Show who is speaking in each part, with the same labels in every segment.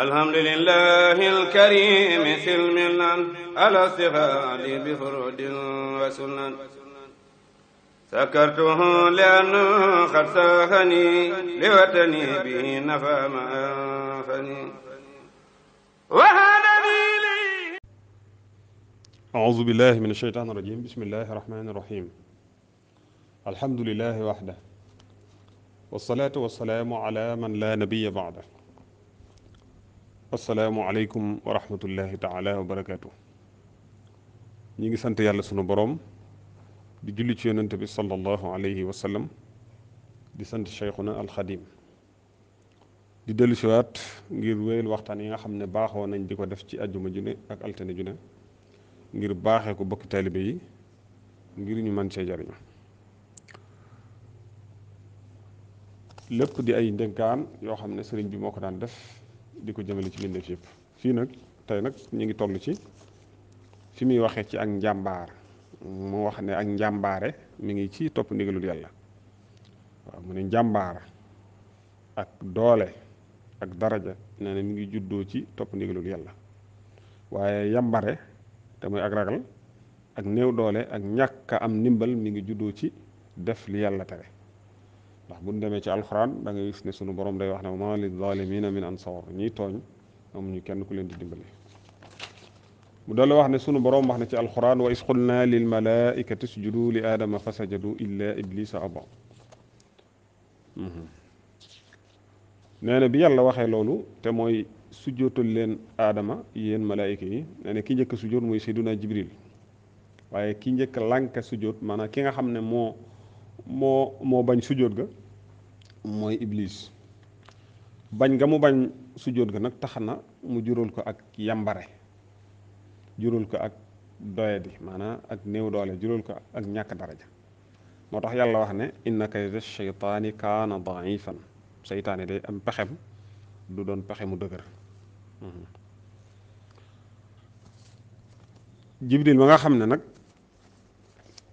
Speaker 1: الحمد لله الكريم سلم على استغال بفرود وسنن سكرته لأنه قد ساخني لوطني به نفى ما أنفني وهدني لي أعوذ بالله من الشيطان الرجيم بسم الله الرحمن الرحيم الحمد لله وحده والصلاة والسلام على من لا نبي بعده asalaamualeykum wa rahmatullahi taala wa barakaatu. ñi ngi sant yàlla sunu boroom di julli ci yonent bi sallallahu alayhi wasalam di sant na Alxadim di dellu siwaat ngir wéyal waxtaan yi nga xam ne baaxoo nañ di ko def ci àjjuma ju ak altine ju ne ngir baaxee ko bokki taalibe yi ngir ñu mën see jariñu lépp di ay ndénkaan yoo xam ne sëriñ bi moo ko daan def di ko jëmale ci mbindeef yëpp fii nag tey nag ñu ngi tollu ci fi muy waxee ci ak njàmbaar mu wax ne ak njàmbaare mi ngi ci topp ndigalul yàlla waaw mu doole ak daraja nee mi ngi juddoo ci topp ndigalul yàlla waaye yambare te muy ak ragal ak néew doole ak ñàkk am ndimbal mu ngi juddoo ci def li yàlla tere ndax bu ñu demee ci alxuraan da ngay gis ne sunu borom day wax ne ma li zalimina min ansar ñiy tooñ amuñu kenn ku leen di dimbali mu dala wax ne sunu boroom wax ne ci alxuraan wa isqulna lil malaikati isjudu li aadama fasajadu illa iblisa aba mhm. nee na bi yàlla waxee loolu te mooy sujjootal leen aadama yéen malaayika yi nee ki njëkk sujjoot mooy seyduna jibril waaye ki njëkk lànk sujjoot maanaam ki nga xam ne moo moo moo bañ sujjóot ga mooy iblis bañ nga mu bañ sujjóot ga nag tax na mu jural ko ak yambare jural ko ak doyadi maanaam ak néew doole jural ko ak ñàkk daraja moo tax yàlla wax ne inna kayda shaytaani kaana daifan seytaane day am pexem du doon pexe mu dëgër mhm. jibril ma nga xam ne nag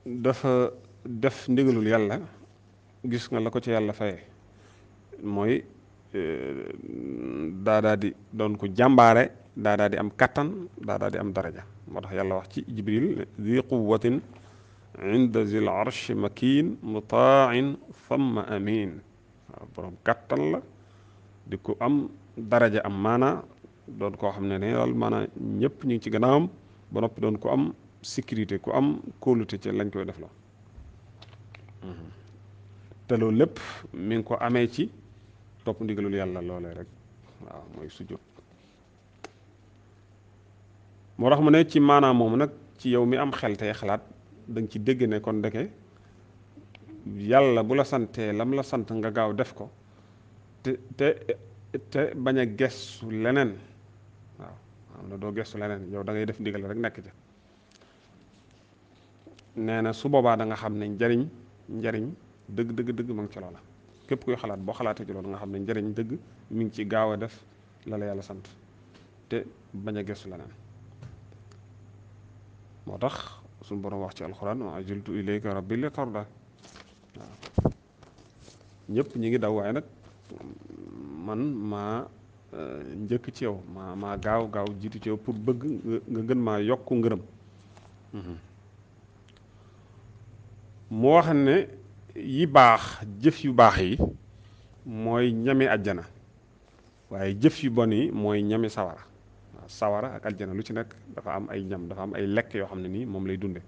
Speaker 1: dafa def ndigalul yàlla gis nga la ko ci yàlla faye mooy eh, daadaadi doon ko jàmbaare daadaa di am kattan daadaa am daraja moo tax yàlla wax ci jibril di quwatin inda zil arsh makin mutain famma la di ko am daraja am maana doon koo xam ne ne daal maana ñëpp ñu ngi ci gannaawam ba noppi doon ko am sécurité ku am kóolute ci lañ koy def la te loolu lépp mi ngi ko amee ci topp ndigalul yàlla loolee rek waaw mooy sujjóot moo tax mu ne ci maanaam moomu nag ci yow mi am xel tey xalaat da ci dégg ne kon ndeke yàlla bu la santee lam la sant nga gaaw def ko te te te bañ a gestu leneen waaw am na doo gestu leneen yow da ngay def ndigal rek nekk ca nee su boobaa da xam ne njariñ njariñ dëgg dëgg dëgg ma ngi la képp kuy xalaat boo xalaatee ci loolu nga xam ne njariñ dëgg mi ngi ci gaaw a def la yàlla sant te bañ a gëstu leneen moo tax suñu borom wax ci alxuraan wa ajiltu ilayka rabbi li waaw ñëpp ñi ngi daw waaye nag man maa eh, njëkk ci yow maa maa gaaw gaaw jiitu ci pour bëgg nga gën maa yokk ngërëm mm-hmm. moo wax ne yi baax jëf yu baax yi mooy ñami àjjana waaye jëf yu bon yi mooy ñami sawara waaw sawara ak àjjana lu ci nekk dafa am ay ñam dafa am ay lekk yoo xam ne nii moom lay dunde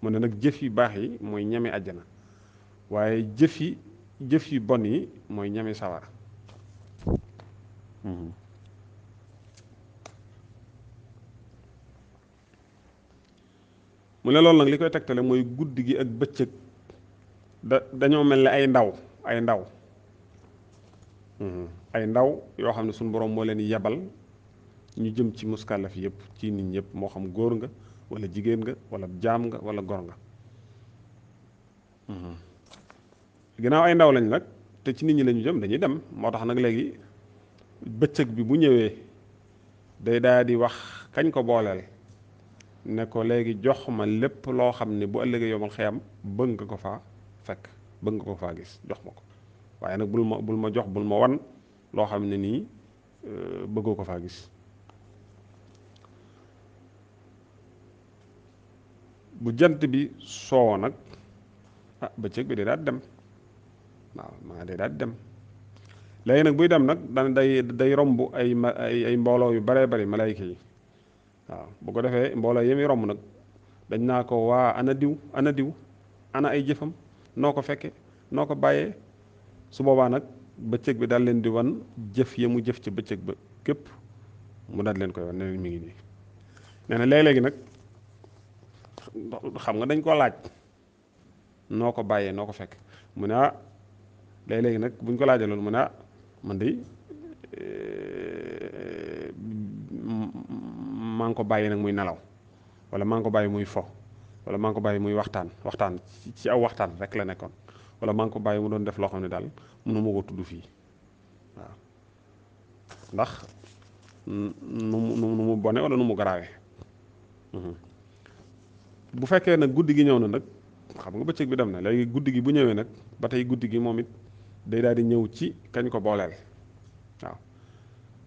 Speaker 1: mu ne nag jëf yu baax yi mooy ñami àjjana waaye jëf yi jëf yu bon yi mooy ñami sawara mm-hmm. mu ne loolu nag li koy tegtale mooy guddi gi ak bëccëg da dañoo mel ni ay ndaw ay ndaw hmm. ay ndaw yoo xam ne suñ borom moo leen yebal ñu jëm ci muskalaf yëpp ci nit ñëpp moo xam góor nga wala jigéen nga walla jaam nga wala gor nga hmm. ginnaaw ay ndaw lañ nag te ci nit ñi lañu jëm dañuy dem moo tax nag léegi bëccëg bi bu ñëwee day daal di wax kañ ko booleel ne ko léegi jox ma lépp loo xam ne bu ëllëgee yomal xeyam bëgg nga ko fa fekk bëgg nga ko faa gis jox ma ko waaye nag bul ma bul ma jox bul ma wan loo xam ne nii euh, bëggoo ko faa gis bu jant bi soo nag ah bëccëg bi day daal dem waaw maa day daal dem léegi nag buy dem nag dana day day romb ay ay mbooloo yu baree bari malayka yi waaw bu ko defee mbooloo yi romb nag dañ naa ko waa ana diw ana diw ana ay jëfam noo ko fekke noo ko bàyyee su boobaa nag bëccëg bi daal leen di wan jëf ya mu jëf ci bëccëg ba képp mu daal leen koy wan ne leen mi ngi nii nee na léeg-léegi nag xam nga dañ ko laaj noo ko bàyyee noo ko fekk mu ne ah léeg-léegi nag buñ ko laajee loolu mu ne ah man de eh, maa ngi ko bàyyi nag muy nelaw wala maa ngi ko bàyyi muy fo wala maa ko bàyyi muy waxtaan waxtaan ci aw waxtaan rek la nekkoon wala maa ko bàyyi mu doon def loo xam ne daal mënu mu ko tudd fii waaw ndax nu mu nu mu bone wala nu mu garaawe mhm. bu fekkee nag guddi gi ñëw na nag xam nga bëccëg bi dem na léegi guddi gi bu ñëwee nag ba tey guddi gi moom it day daal di ñëw ci kañ ko booleel waaw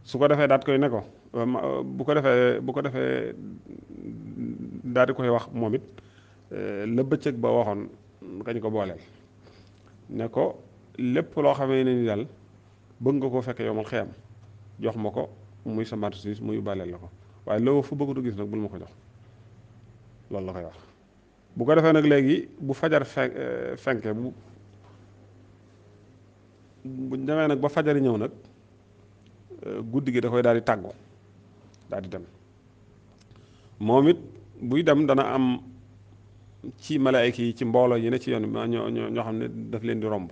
Speaker 1: su ko defee daat koy ne bu ko defee bu ko defee daadi koy wax moom it Euh, la bëccëg ba waxoon kañ ko booleel ne ko lépp loo xamee ne ni daal bëgg nga koo fekkee yow ma xeyam jox ma ko muy sa marchandise muy bàlleel la ko waaye loo fu bëggatu gis nag bul ma ko jox loolu la koy wax bu ko defee nag léegi bu fajar fe euh, fenke bu bu demee nag ba fajari ñëw nag euh, guddi gi da koy daal di tàggu daal di dem moom it buy dem dana am ci malaayka yi ci mbooloo yi ne ci yoon bi ñoo ñoo xam ne daf leen di romb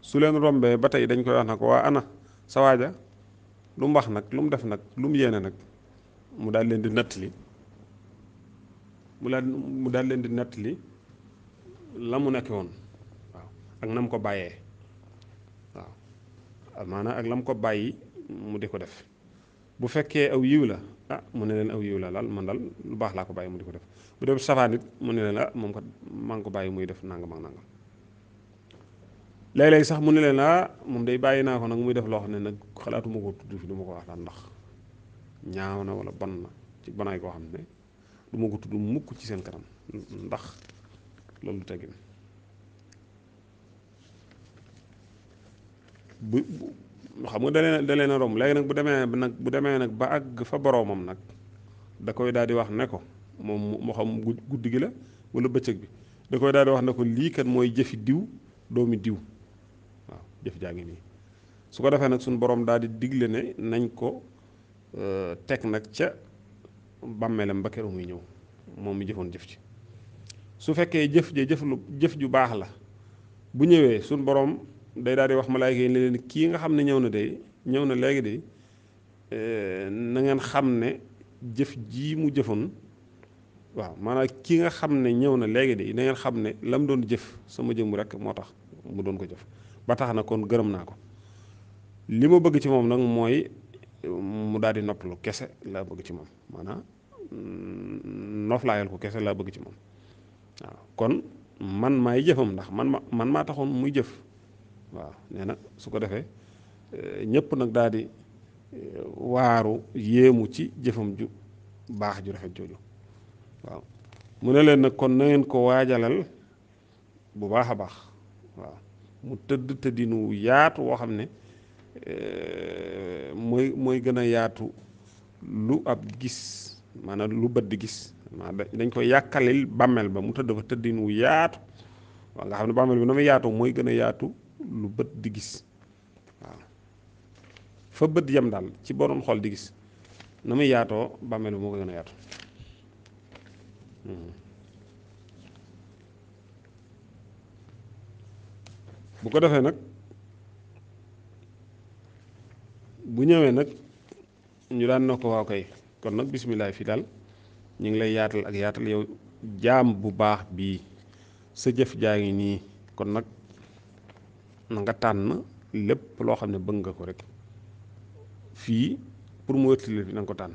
Speaker 1: su leen rombee ba tey dañ koy wax nag waa ana sa waaja lu mbax nag lu mu def nag lu mu yéene nag mu daal leen di nattali mu daal mu daal leen di nattali la mu nekk woon waaw ak na mu ko bàyyee waaw maanaam ak la mu ko bàyyi mu di ko def bu fekkee aw yiw la ah mu ne leen aw yiw la laal man dal lu baax laa ko bàyyi mu di ko def bu dee safaan it mu ne leen ah moom ka maa ko bàyyi muy def nangam ak nangam léeg-léeg sax mu ne leen ah moom day bàyyi naa ko nag muy def loo xam ne nag xalaatuma ko tudd fi du ko wax daal ndax ñaaw na wala bon na ci banaay koo xam ne du ma ko tudd mukk ci seen kanam ndax loolu du xam nga dalee dalee na romb léegi nag bu demee nag bu demee nag ba àgg fa boroomam nag da koy daal di wax ne ko moom moo xam guddi gi la wala bëccëg bi da koy daal di wax ne ko lii kat mooy jëfi diw doomi diw waaw jëf jaa nii su ko defee nag suñu boroom daal di digle ne nañ ko euh, teg nag ca bàmmeelam ba keroog muy ñëw moom mi jëfoon jëf ci su fekkee jëf ja jëf lu jëf ju baax la bu ñëwee suñ boroom day daal di wax malaayka yi ne leen kii nga xam ne ñëw na day ñëw na léegi de eh, na xam ne jëf jii mu jëfoon waaw maanaam kii nga xam ne ñëw na léegi de na xam ne lam doon jëf sama jëmm rek moo tax mu doon ko jëf ba tax na kon gërëm naa ko li ma bëgg ci moom nag mooy mu daal di noppalu kese laa bëgg ci moom maanaam mm, noflaayal ko kese laa bëgg ci moom waaw kon man maay jëfam ndax man ma man maa taxoon muy jëf waaw nee na su ko defee eh, ñépp nag daal eh, waaru yéemu ci jëfam ju baax ju rafet jooju waaw mu ne leen nag kon na ko waajalal bu baax a baax waaw mu tëdd tëddinu yaatu woo xam ne eh, mooy mooy gën a yaatu lu ab gis maanaam lu bët di gis maanaam dañ koy yàkkalil bàmmeel ba mu tëdd fa tëddinu yaatu waaw nga xam ne bàmmeel bi na muy yaatoo mooy gën a yaatu lu bët di gis waaw fa bët yem daal ci borom xol di gis na muy yaatoo bàmmeel bi moo ko gën a yaatu hmm. bu ko defee nag bu ñëwee nag ñu daan na ko waaw kay kon nag bisimilah fii daal ñu ngi lay yaatal ak yaatal yow jaam bu baax bii sa jëf jaa ngi nii kon nag nanga tànn lépp loo xam ne bëgg nga ko rek fii pour mu wërtali fi na nga ko tànn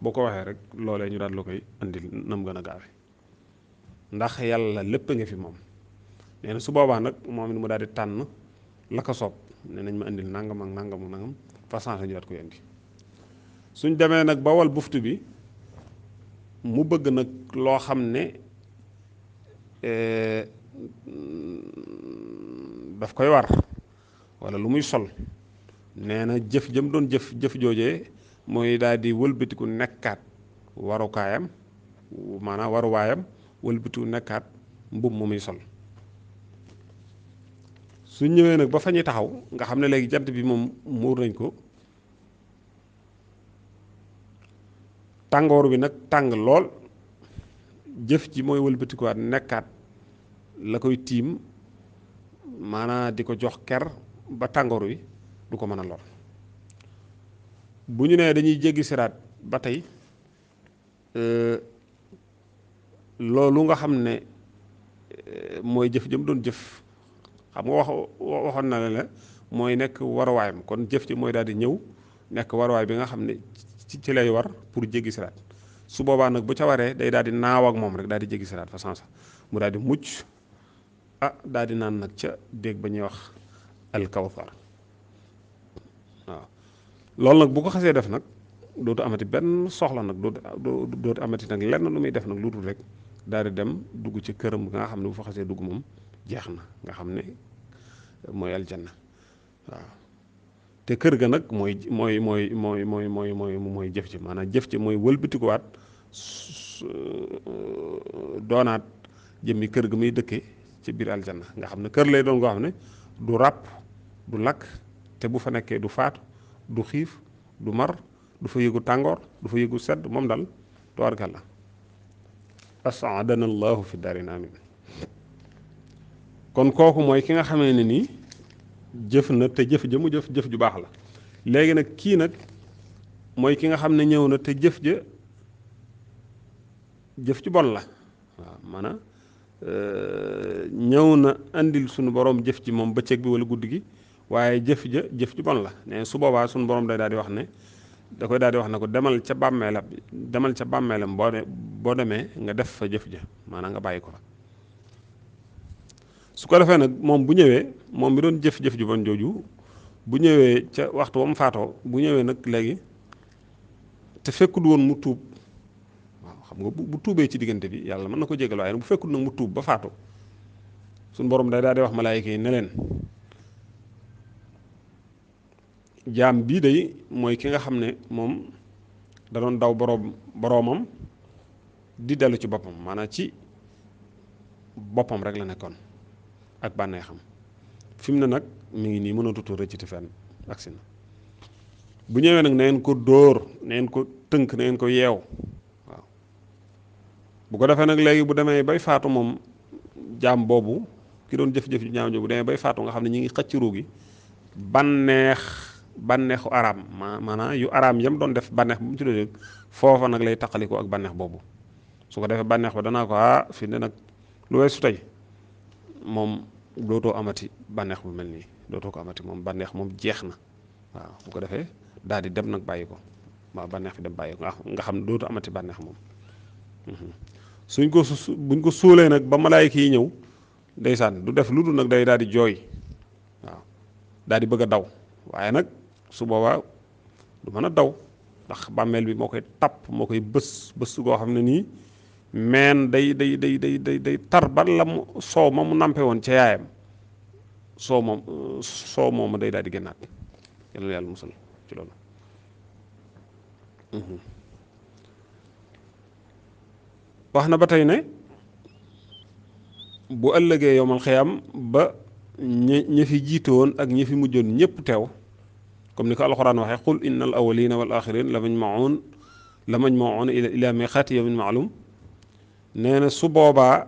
Speaker 1: boo ko waxee rek loole ñu daal la koy andil nam gën a gaawe ndax yàlla lépp nga fi moom nee na su boobaa nag moom it mu daal di tànn la ko soob nee nañ ma indil nangam ak nangam ak nangam fa changé ñu daal koy indi suñ demee nag ba wal buftu bi mu bëgg nag loo xam ne eh, daf koy war wala lu muy sol nee na jëf jëm doon jëf jëf joojee mooy daal di wëlbatiku nekkaat warukaayam maanaam waruwaayam wëlbatiku nekkaat mbubb mu muy sol su ñëwee nag ba fa ñuy taxaw nga xam ne léegi jant bi moom muur nañ ko tàngoor bi nag tàng lool jëf ji mooy wëlbatikuwaat nekkaat la koy tiim maanaa di ko jox ker ba tàngoor wi du ko mën a lor bu ñu nee dañuy jéggi siraat ba tey euh, loolu nga xam ne euh, mooy jëf jëm doon jëf xam nga wax waxoon na la ne mooy nekk waruwaayam kon jëf ci mooy daal di ñëw nekk waruwaay bi nga xam ne ci ci lay war pour jéggi siraat su boobaa nag bu ca waree day daal di naaw ak moom rek daal di jéggi siraat fa sansa mu daal di mucc ah daal di naan nag ca déeg ba ñuy wax alkawsar waaw loolu nag bu ko xasee def nag dootu amati benn soxla nag dootu amati nag lenn lu muy def nag lu dul rek daal di dem dugg ci këram nga xam ne bu fa xasee dugg moom jeex na nga xam ne mooy aljanna waaw te kër ga nag mooy mooy mooy mooy mooy mooy mooy mooy jëf ci maanaa jëf ci mooy wëlbatikuwaat doonaat jëmmi kër ga muy dëkkee ci biir aljanna nga xam ne kër lay doon goo xam ne du ràpp du lakk te bu fa nekkee du faatu du xiif du mar du fa yëgu tàngoor du fa yëgu sedd moom dal tubaarkàlla asaadana allahu fi daarin amin kon kooku mooy ki nga xamee ne nii jëf na te jëf ja mu jëf jëf ju baax la léegi nag kii nag mooy ki nga xam ne ñëw na te jëf ja jëf ju bon la waaw Euh, ñëw na indil sunu borom jëf ji moom bëccëg bi wala guddi gi waaye jëf ja jëf ji bon la ne su boobaa suñu borom day daal di wax ne da koy daal di wax ne ko demal ca bàmmeelam demal ca bàmmeelam boo de boo demee nga def fa jëf ja maanaam nga bàyyi ko fa su ko defee nag moom bu ñëwee moom mi doon jëf-jëf ju bon jooju bu ñëwee ca waxtu ba mu faatoo bu ñëwee nag léegi te fekkul woon mu tuub xam bu tuubee ci diggante bi yàlla mën na ko jégal waaye nag bu fekkul nag mu tuub ba faatu suñu borom day daal di wax malaayika yi ne leen jaam bii day mooy ki nga xam ne moom da doon daw boroom boroomam di dellu ci boppam maanaam ci boppam rek la nekkoon ak bànneexam fi mu ne nag mu ngi nii mënatutoo rëcciti fenn agsi na bu ñëwee nag na ko dóor na ko tënk na ko yeew bu ko defee nag léegi bu demee bay faatu moom jaam boobu ki doon jëf-jëf ju ñaaw bu demee bay faatu nga xam ne ñu ngi xëcc ruu gi banneex banneexu araam maanaam yu araam yam doon def banneex bu mu ci doon foofa nag lay taqaliko ak banneex boobu su ko defee banneex ba danaa ko ah, fi ne nag lu weesu tey moom dootoo amati banneex bu mel nii dootoo ko amati moom banneex moom jeex na waaw bu ko defee daal di dem nag bàyyi ko waaw banneex bi dem bàyyi ko nga xam ne dootoo amati banneex moom mhm. suñ ko buñ ko suulee nag ba malaay kii ñëw ndeysaan du def lu dul nag day daal di jooy waaw daal di bëgg a daw waaye nag su boobaa du mën a daw ndax bàmmeel bi moo koy tàpp moo koy bës bës goo xam ne nii meen day day day day day day tar ba la mu soow ma mu nampe woon ca yaayam soow moom soow moom day daal di génnaat yàlla yàlla ci loolu mhm. wax na ba tey ne bu ëllëgee yowmal xiyaam ba ñi ñi fi jiite woon ak ñi fi mujjoon ñëpp teew comme ni ko alxuraan waxee qul inna al awalina wal axirin la majmaun la majmaun ila miqaati yawmin maalum nee na su boobaa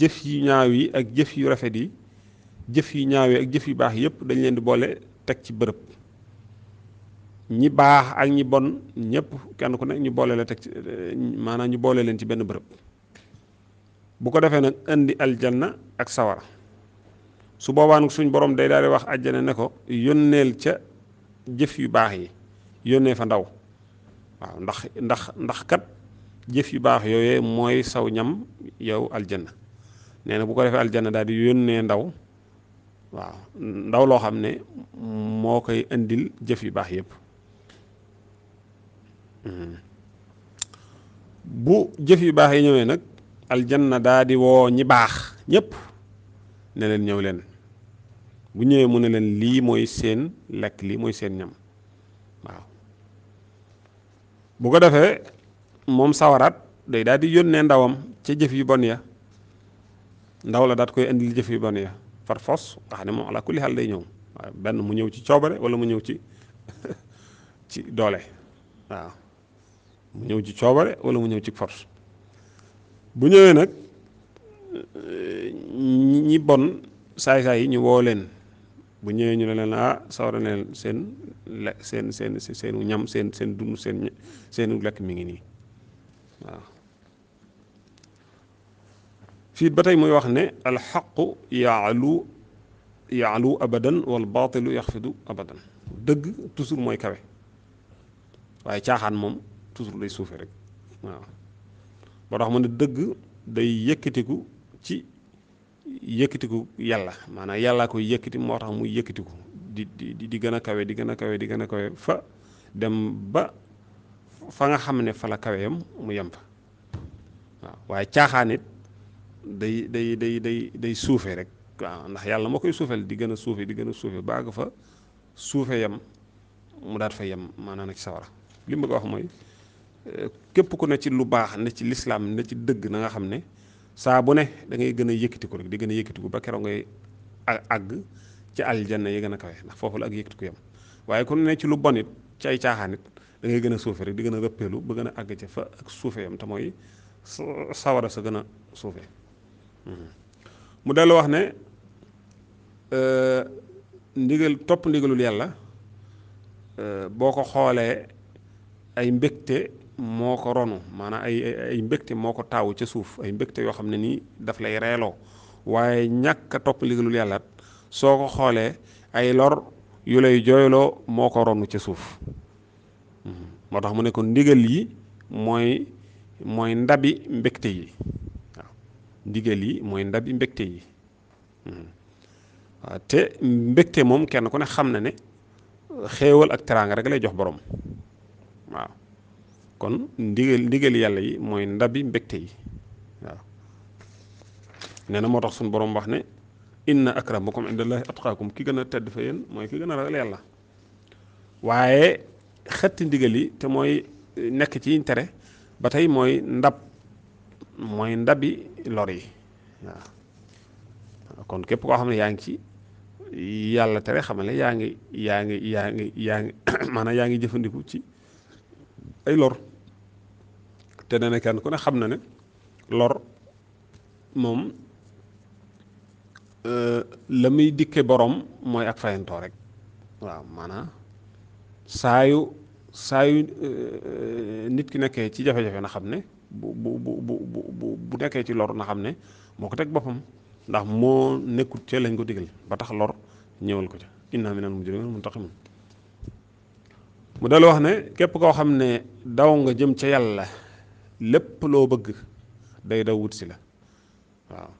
Speaker 1: jëf yu ñaaw yi ak jëf yu rafet yi jëf yu ñaaw yi ak jëf yu baax yëpp dañ leen di boole teg ci bërëb ñi baax ak ñi bon ñëpp kenn ku nekk ñu boole la teg ci maanaa ñu boole leen ci benn bërëb bu ko defee nag indi aljanna ak sawara su boobaa nag suñ borom day daal di wax àjjana ne ko yónneel ca jëf yu baax yi yónnee fa ndaw waaw ndax ndax ndax kat jëf yu baax yooyee mooy saw ñam yow aljanna nee na bu ko defee aljanna daal di yónnee ndaw waaw ndaw loo xam ne moo koy indil jëf yu baax yépp hmm. bu jëf yu baax yi ñëwee nag aljanna daa di woo ñi baax ñépp ne leen ñëw leen bu ñëwee mu ne leen lii mooy seen lekk lii mooy seen ñam waaw bu ko defee moom sawaraat day daal di yónnee ndawam ca jëf yu bon ya ndaw la daat koy indil jëf yu bon ya far fos nga xam ne moom ala kulli xaal day ñëw waaw benn mu ñëw ci coobare wala mu ñëw ci ci doole waaw mu ñëw ci coobare wala mu ñëw ci force bu ñëwee nag ñi bon saay-saay yi ñu woo leen bu ñëwee ñu ne leen ah sawara ne seen le seen seen seenu ñam seen seen dund seen seenu lekk mi ngi nii waaw fii ba tey muy wax ne alxaqu yaalu yaalu abadan wal baatilu yaxfidu abadan dëgg toujours mooy kawe waaye caaxaan moom toujours lay suufe rek ba tax mu ne dëgg day yëkkatiku ci yëkkatiku yàlla maanaam yàllaa koy yëkkati moo tax muy yëkkatiku di di di gën a kawe di gën a kawe di gën a kawe fa dem ba fa nga xam ne fa la kaweyam mu yem fa waaw waaye caaxaan it day day day day day suufee rek waaw ndax yàlla moo koy suufeel di gën a suufe di gën a suufe baa nga fa suufe yam mu daat fa yem maanaam nag sawara li mu a wax mooy képp ku ne ci lu baax ne ci lislaam ne ci dëgg na nga xam ne saa bu ne da ngay gën a yëkkatiku rek di gën a yëkkatiku ba keroog ngay àgg ci aljanna yi gën a kawe ndax foofu la ak yëkkatiku yam waaye ku ne ci lu bon it ci ay caaxaan it da gën a suufe rek di gën a rëppeelu ba gën a àgg ca fa ak suufe yam te mooy sawara sa gën a suufe hmm. mu dellu wax ne euh, ndigal topp ndigalul yàlla euh, boo ko xoolee ay mbégte moo ko ronu maanaam ay ay mbégte moo ko taawu ca suuf ay mbégte yoo xam ne nii daf lay reeloo waaye ñàkk a topp ndigalul yàlla soo ko xoolee ay lor yu lay jooyloo moo ko ronu ca suuf hmm. moo tax mu ne ko ndigal yi mooy mooy ndabi mbégte yi waaw yi mooy ndabi mbégte yi hmm. waaw te mbégte moom kenn ku ne xam na ne xéewal ak teraanga rek lay jox borom waaw kon ndigal ndigal yàlla yi mooy ndabi mbégte yi waaw nee na moo tax suñ borom wax ne indi akramakum indallahi atqaakum ki gën a tedd fa yéen mooy ki gën a ragal yàlla waaye xetti ndigal yi te mooy nekk ci tere ba tey mooy ndab mooy ndabi lor yi waaw kon képp koo xam ne yaa ngi ci yàlla tere xamale yaa ngi yaa ngi yaa ngi yaa ngi maanaam yaa ngi jëfandiku ci ay lor te nee na kenn ku ne xam na ne lor moom euh, la muy dikke boroom mooy ak fayantoo rek waaw maanaam saa yu saa euh, euh, nit ki nekkee ci jafe-jafe na xam ne bu bu bu bu bu nekkee ci lor na xam ne moo ko teg boppam ndax moo nekkut ca lañ ko digal ba tax lor ñëwal ko ca inna minal mujrimina muntaqimun mu dal wax ne képp koo xam ne daw nga jëm ca yàlla lépp loo bëgg day daw wut si la waaw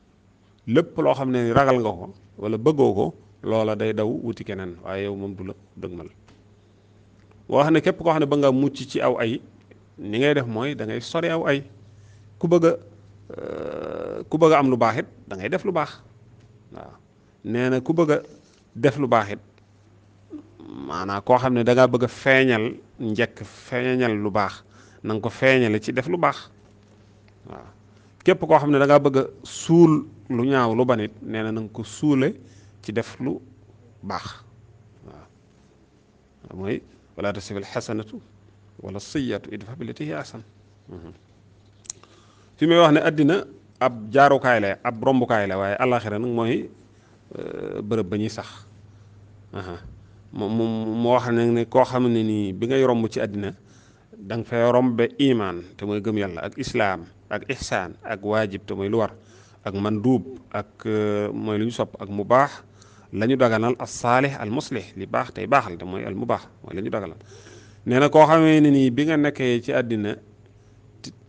Speaker 1: lépp loo xam ne ragal nga ko wala bëggoo ko loola day daw wuti keneen waaye yow moom du la dëgmal wax ne képp koo xam ne ba nga mucc ci aw ay ni ngay def mooy da ngay sori aw ay ku bëgg a euh, ku bëgg am lu baaxit dangay def lu baax waaw nee na ku bëgg a def lu baaxit maanaa koo xam ne danga ngaa bëgg feeñal njekk feeñal lu baax nanga nga ko feeñale ci def lu baax waaw képp koo xam ne dangaa ngaa bëgg a suul lu ñaaw lu banit nee na na ko suule ci def lu baax waaw mooy wala tastawi wala sayatu idfa billati fi may wax ne àddina ab jaarukaay la ab rombukaay la waaye àllaaxira nag mooy euh, bërëb ba ñuy sax moom moo wax ne ne koo xam ne nii bi ngay romb ci àddina da nga fay rombe imaan te mooy gëm yàlla ak islaam ak ihsaan ak waajib te mooy lu war ak manduub ak euh, mooy lu ñu sopp ak mu baax la ñu daganal as saalih al muslih li baax tey baaxal te mooy al mu baax mooy la ñu daganal nee na koo xamee ne nii bi nga nekkee ci àddina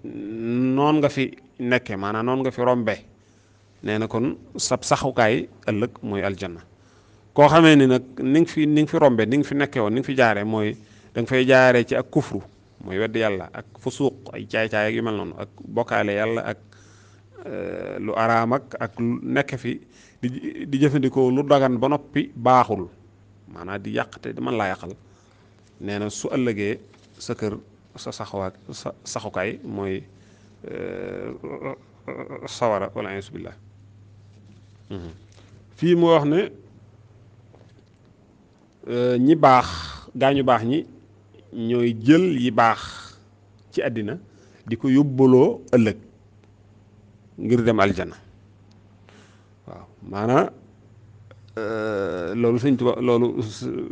Speaker 1: noon nga fi nekke maanaa noon nga fi rombe nee na kon sab saxukaay ëllëg mooy aljanna koo xamee ni nag ni nga fi ni nga fi rombe ni nga fi nekke woon ni fi jaaree mooy danga nga fay jaaree ci ak kufru mooy wedd yàlla ak fusuuq ay caay-caay ak yu mel noonu ak bokkaale yàlla ak euh, lu araamak ak nekk fi di di jëfandikoo lu dagan ba noppi baaxul maanaa di yàq te man laa yàqal nee na su ëllëgee sa kër sa saxuwaay sa saxukaay mooy euh, sawara wala a'uuzu billaah mhm. fii mu wax ne euh, ñi baax gaañu baax ñi ñooy jël yi baax ci àddina di ko yóbbuloo ëllëg ngir dem aljana waaw maanaa euh, loolu sëñ Tuubaa loolu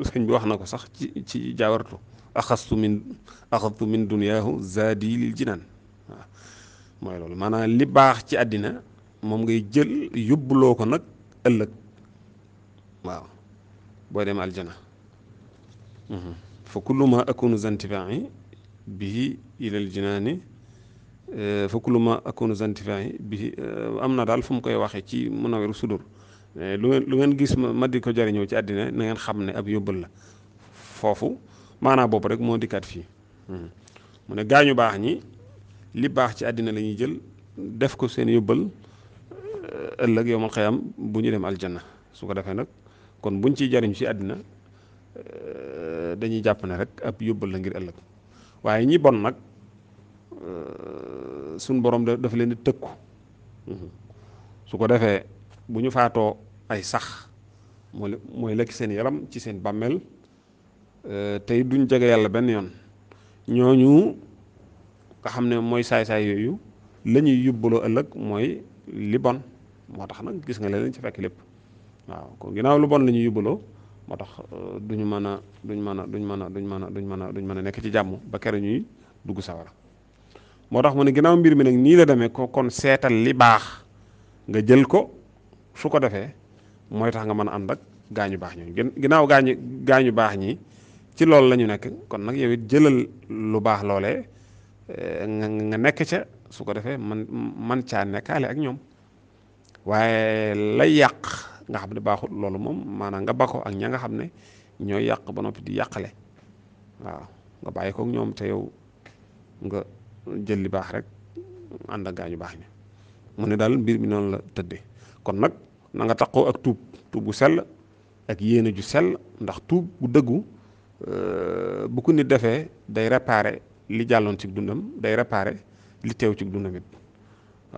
Speaker 1: sëñ bi wax na ko sax ci ci jaawartu axastu min axastu min duniyaahu zaadi lil jinaan waaw mooy loolu maanaa li baax ci àddina moom ngay jël yóbbuloo ko nag ëllëg waaw boo dem aljana mhm. fa kullu ma akunu zantifaai bihi ilal jinaani eh, fa kullu ma akunu zantifaai bihi eh, am na daal fu mu koy waxee ci munawiru sudur eh, lu ngeen lu ngeen gis ma di ko jariñoo ci àddina na ngeen xam ne ab yóbbal la foofu maanaa boobu rek moo dikkaat fii hmm. mu ne gaañu baax ñi li baax ci àddina la ñuy jël def ko seen yóbbal ëllëg yowmal xiyam bu ñu dem aljanna su ko defee nag kon buñ ciy jariñ ci àddina Euh, dañuy jàpp ne rek ab yóbbal la ngir ëllëg waaye ñi bon nag euh, suñ borom dafa leen di tëkku mhm. su ko defee bu ñu faatoo ay sax mooy mooy lekk seen yaram ci seen bàmmeel euh, tey duñ jege yàlla benn yoon ñooñu nga xam ne mooy saay-saay yooyu la ñuy yóbbaloo ëllëg mooy li bon moo tax nag gis nga leen ci fekk lépp waaw kon ginnaaw lu bon la yóbbaloo moo tax euh, duñu mën a duñ mën a duñ mën a duñ mën a duñ mën a duñ mën a nekk ci jàmm ba kere ñuy dugg sawara moo tax mu ne ginnaaw mbir mi nag nii la demee ko kon seetal li baax nga jël ko su ko defee mooy tax nga mën a ànd ak gaañu baax ñooñu ginnaaw gaañu gaañu baax ñi ci loolu la ñu nekk kon nag yow it jëlal lu baax loole euh, nga nekk ca su ko defee man man caa nekkaale ak ñoom waaye lay yàq nga xam ne baaxul loolu moom maanaam nga bako ak ña nga xam ne ñooy yàq ba noppi di yàqale waaw nga bàyyi kook ñoom te yow nga jël li baax rek ànd ak gaañu baax ña mu ne daal mbir mi noonu la tëddee kon nag na nga taqoo ak tuub tuub bu sell ak yéene ju sell ndax tuub bu dëggu euh, bu ko defee day réparer li jàlloon ci dundam day réparer li teew ci dundam it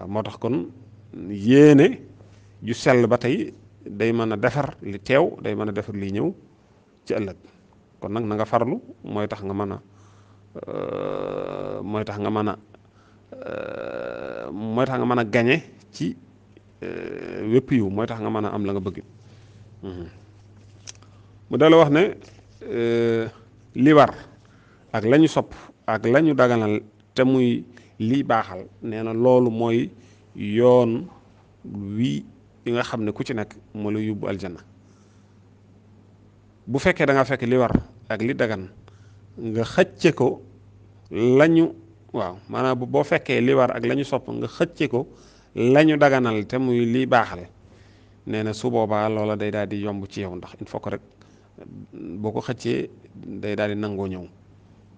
Speaker 1: moo tax kon yéene ju sell ba tey day mën a defar li teew day mën a defar li ñëw ci ëllëg kon nag na nga farlu mooy tax nga mën a mooy tax nga mën a mooy nga mën a gañe ci wépp yiw mooy tax nga mën a am la nga bëgg mhm. mu dala wax ne li war ak lañu sopp ak lañu daganal te muy lii baaxal nee na loolu mooy yoon wi yi nga xam ne ku ci nekk moo la yóbbu aljanna bu fekkee danga fekk li war ak li dagan nga xëcce ko lañu waaw maanaam boo fekkee li ak la sopp nga xëcce ko lañu daganal te muy liy baaxal nee na su boobaa loola day daal di yomb ci yow ndax il faut rek boo ko xëccee day daal di nangoo ñëw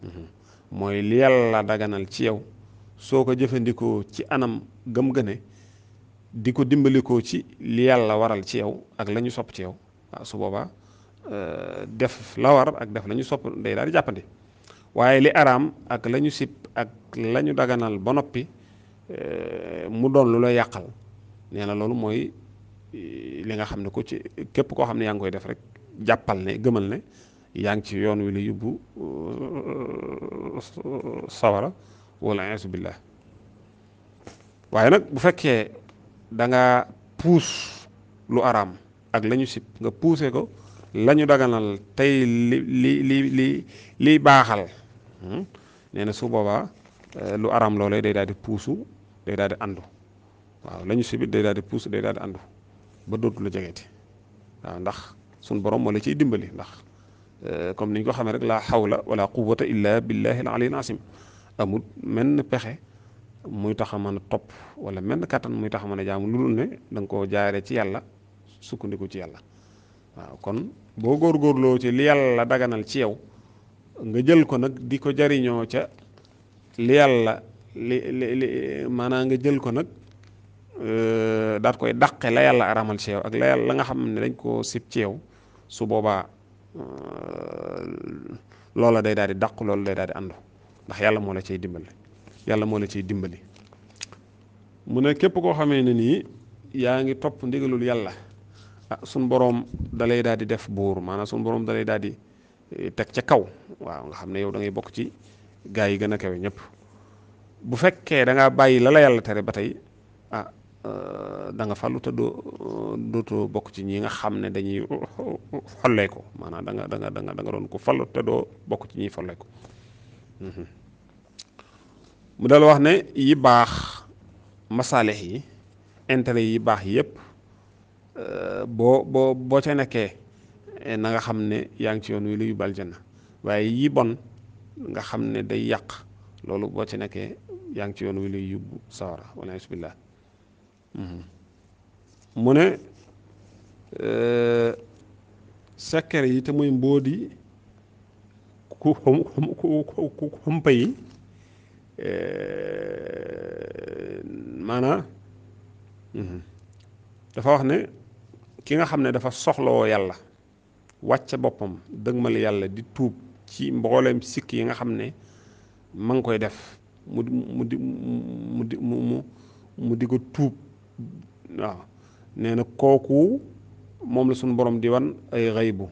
Speaker 1: mhm. mooy li yàlla daganal ci yow soo ko jëfandikoo ci anam gëm-gëne di ko dimbalikoo ci li yàlla waral ci yow ak la ñu sopp ci yow waaw su boobaa euh, def la war ak def la ñu sopp day daal di jàppandi waaye li araam ak lañu ñu sib ak la ñu daganal ba noppi euh, mu doon lu la yàqal nee na loolu mooy li nga xam ne ko ci képp koo xam ne yaa ngi koy def rek jàppal ne gëmal ne yaa ngi ci yoon wi la yóbbu euh, sawara wala a'uuzu billah waaye nag bu fekkee da nga puus lu araam ak la ñu sib nga puuse ko la ñu daganal tey li li li li liy baaxal hmm? nee na su boobaa eh, lu araam loolee day daal di puusu day daal di àndu waaw la ñu sibit de daa di puus day daal di àndu ba dootu la jegeeti waaw ndax suñ borom moo ciy dimbali ndax eh, comme niñ ko xamee rek la xawla wala quwwata illa billahi al aliyyil azim amul menn pexe muy tax a mën a topp wala menn kàttan muy taxa a mën a jaamu lu dul ne da nga koo jaare ci yàlla sukkandiku ci yàlla waaw kon boo góor góorloo ci li yàlla daganal ci yow nga jël ko nag di ko jariñoo ca li yàlla li li nga jël ko nag euh, daat koy dàqe la yàlla aramal ci yow ak la yàlla la nga xam ne dañ koo sib ci yow su boobaa euh, loola day daal di dàq loolu day daal di àndu ndax yàlla moo la cay dimbale yàlla moo la ciy dimbali mu ne képp koo xamee ne nii yaa ngi topp ndigalul yàlla ah suñ boroom dalay daal di def buur maanaa suñ boroom dalay daal di eh, teg ca kaw waaw nga xam ne yow da ngay bokk ci gaa yi gën a kawe ñëpp bu fekkee da ngaa bàyyi la la yàlla tere ba tey ah euh, da nga te doo dootoo bokk ci ñi nga xam ne dañuy xollee ko maanaam da danga da nga doon ko fàllu te doo bokk ci ñiy xollee ko mm-hmm. mu dal wax ne yi baax masaalex yi intérêt yi baax yépp euh, boo boo boo ca nekkee eh, na nga xam ne yaa ngi ci yoon wi lu yóbbu aljanna waaye yi bon nga xam ne day yàq loolu boo ci nekkee yaa ngi ci yoon wi luy yóbbu sawara wala bismillah mhm. mu ne euh, secret yi te muy mbóodi ku ku xumpa yi Euh, maanaa mhm, dafa wax ne ki nga xam ne dafa soxlawoo yàlla wàcce boppam dëgmal yàlla di tuub ci mbooleem sikk yi nga xam ne ma ngi koy def mu di mu di mu di mu mu di ko tuub waaw nee na kooku moom la suñu boroom di wan ay xëybu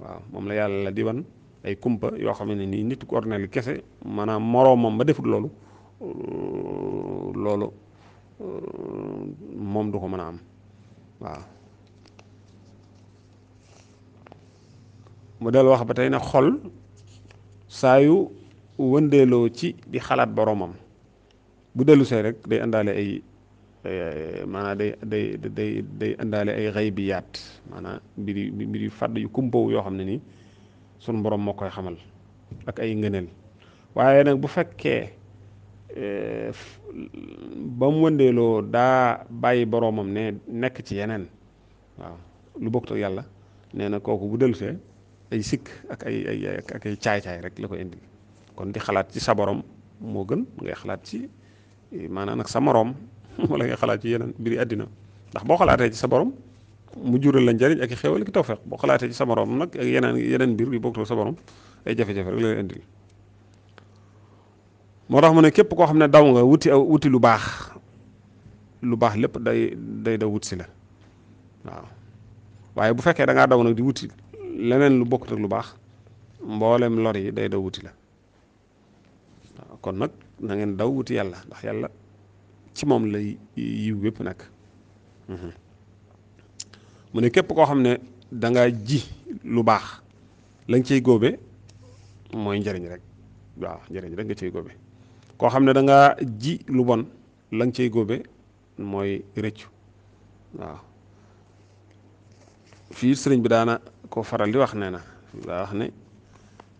Speaker 1: waaw moom la yàlla la di wan ay kumpa yoo xam ne nii nit ku ordinaire kese maanaam moroomam ba defut loolu euh, loolu euh, moom du ko mën a am waaw mu del wax ba tey ne xol saa yu wëndeeloo ci di xalaat boroomam bu dellu see rek day indaale ay maanaa day day day day indaale ay xaybiyaat maanaam mbiri mbiri fàdd yu kumpawu yoo xam ne nii sunu borom moo koy xamal ak ay ngëneel waaye nag bu fekkee eh, ba mu wëndeeloo daa bàyyi boroomam ne nekk ci yeneen waaw lu bokk ak yàlla nee na kooku bu dellusee ay sikk ak ay ay ak ay caay-caay rek la ko indi kon di xalaat ci sa borom moo gën ngay xalaat ci eh, maanaan nag sa moroom wala ngay xalaat ci yeneen mbiri àddina ndax boo xalaatee ci sa borom mu jural la njariñ ak xéewal ak tawfeex boo xalaatee ci sa borom nag ak yeneen yeneen mbir yu bokkul sa borom ay jafe-jafe rek la indil moo tax mu ne képp koo xam ne daw nga wuti aw wuti lu baax lu baax lépp day day daw wut si la waaw waaye bu fekkee dangaa daw nag di wuti leneen lu bokkut ak lu baax mboolem lor yi day daw wuti la kon nag na daw wuti yàlla ndax yàlla ci moom lay yiw wépp nag mu ne képp koo xam ne da ji lu baax la nga ciy góobe mooy njariñ rek waaw njëriñ rek nga ciy góobe koo xam ne danga ji lu bon la nga ciy góobe mooy rëccu waaw fii sëriñ bi daana koo faral di wax nee na daa wax ne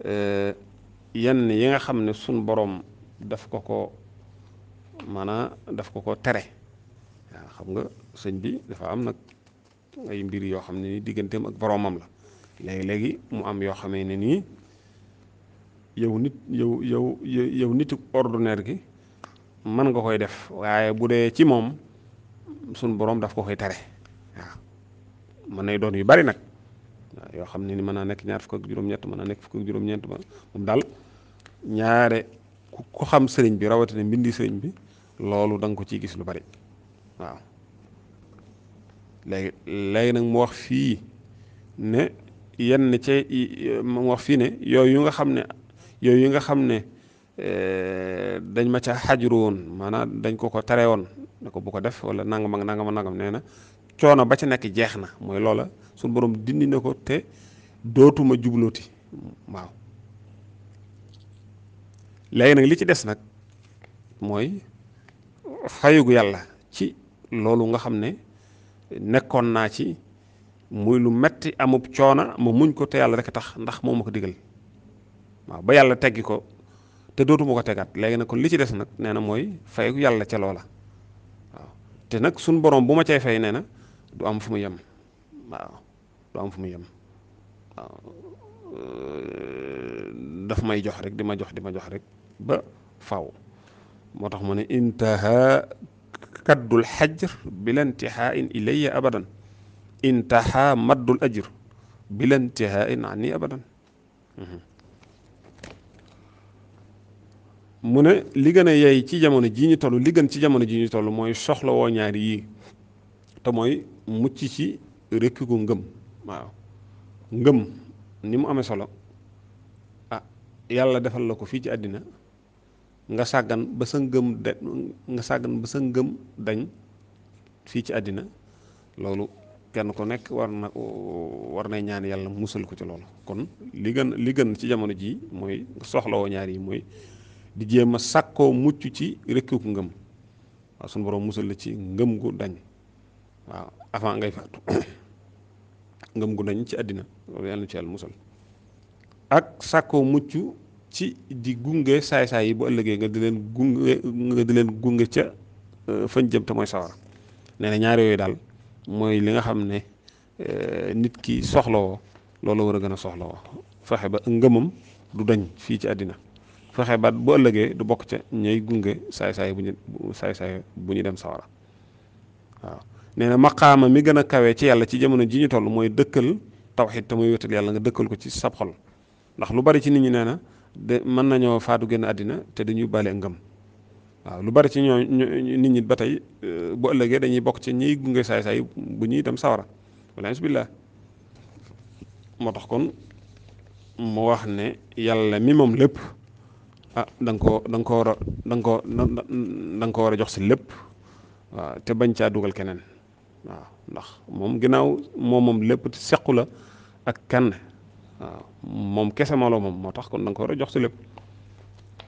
Speaker 1: eh, yenn yi nga xam ne suñ boroom daf ko ko maanaa daf ko ko tere waaw xam nga sëñ bi dafa am nag ay mbir yoo xam ne ni digganteem ak boroomam la léegi-léegi mu am yoo xamee ne nii yow nit yow yow yow nitu ordinaire gi mën nga koy def waaye bu dee ci moom suñ boroom daf ko koy tere waaw mën nay doon yu bari nag waaw yoo xam ne ni mën naa nekk ñaar fukk ak juróom-ñett mën naa nekk fukk ak juróom-ñett ba moom daal ñaare ku ko xam sëriñ bi rawatina mbindi sëriñ bi loolu danga ko ci gis lu bari waaw léegi léegi nag mu wax fii ne yenn ce mu wax fii ne yooyu nga xam ne yooyu nga xam ne eh, dañ ma ca xajru woon maanaam dañ ko ko tere woon ne ko bu ko def wala nangam ak nangam nee na coono ba ca nekk jeex na mooy loola suñ borom dindi na ko te dootuma jublooti waaw léegi nag li ci des nag mooy fayugu yàlla ci loolu nga xam ne nekkoon naa ci muy lu metti amub coona ma muñ ko te yàlla rek tax ndax moo ma ko digal waaw ba yàlla teggi ko te dootuma ko tegaat léegi nag ko li ci des nag nee na mooy fayu yàlla ca loola waaw te nag suñ boroom bu ma cay fay nee na du am fu mu yem waaw du am fu mu yem waaw euh, daf may jox rek di ma jox di ma jox rek ba faw moo tax mu ne intaha kaddul xajr bila ntihaain ilayya abadan intahaa maddul ajr bila ntihaain ani abadan mhm. mu ne li gën a ci jamono ji ñu toll li gën ci jamono ji ñu toll mooy soxlawoo woo ñaari yii te mooy mucc ci rekki gu ngëm waaw ngëm ni mu amee solo ah yàlla defal la ko fii ci àddina nga sàggan ba sa ngëm de nga sàggan ba sa ngëm dañ fii ci àddina loolu kenn ku nekk war na war nay ñaan yàlla musal ko ci loolu kon li gën li gën ci jamono ji mooy soxlawoo ñaar yi mooy di jéem a sàkkoo mucc ci rekkiku ngëm waaw suñu borom musal la ci ngëm gu dañ waaw avant ngay faatu ngëm gu dañ ci àddina loolu yàlla na ci yàlla musal ak sàkkoo mucc ci di gunge saay-saay yi bu ëllëgee nga di leen gunge nga di leen gunge ca euh, fañ jëm te mooy sawara nee na ñaar yooyu daal mooy li nga xam ne euh, nit ki soxlawoo loolu war a gën a soxlawoo fexe ba ngëmam du dañ fii ci àddina fexe ba bu ëllëgee du bokk ca ñay gunge saay-saay bu ñu saay-saay bu ñu dem sawara waaw nee na maqaama mi gën a kawee ci yàlla ci jamono ji ñu toll mooy dëkkal tawxid te muy wétal yàlla nga dëkkal ko ci sab xol ndax lu bari ci nit ñi nee de mën nañoo faatu génn àddina te dañuy bale ngëm waaw lu bari ci ñoo nit ñi ba tey euh, bu ëllëgee dañuy bokk ci ñiy gunge saay-saay bu ñuy dem sawara wala bismillah moo tax kon mu wax ne yàlla mi moom lépp ah danga nga koo ko war a da ko da nga ko war a jox si lépp waaw te bañ caa dugal keneen waaw ndax moom ginnaaw moom moom lépp sequ la ak kenn waaw moom kese moo la moom moo tax kon da ko war a jox si lépp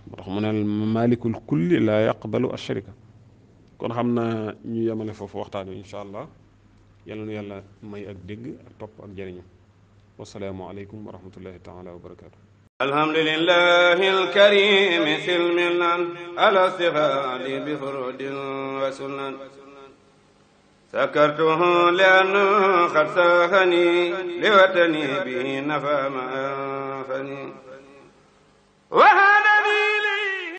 Speaker 1: moo tax mu ne maalikul kulli laa yaqbalu asharika kon xam naa ñu yemale foofu waxtaan wi incha allah yal na yàlla may ak dégg ak topp ak jëriñu wasalaamu aleykum wa rahmatullahi taala wa barakaatu alhamdulillahi alkarimi silmilan ala sifadi bi furudin wa شكرته لأنه قد ساخني لوطني به نفى ما أنفني وهذا لي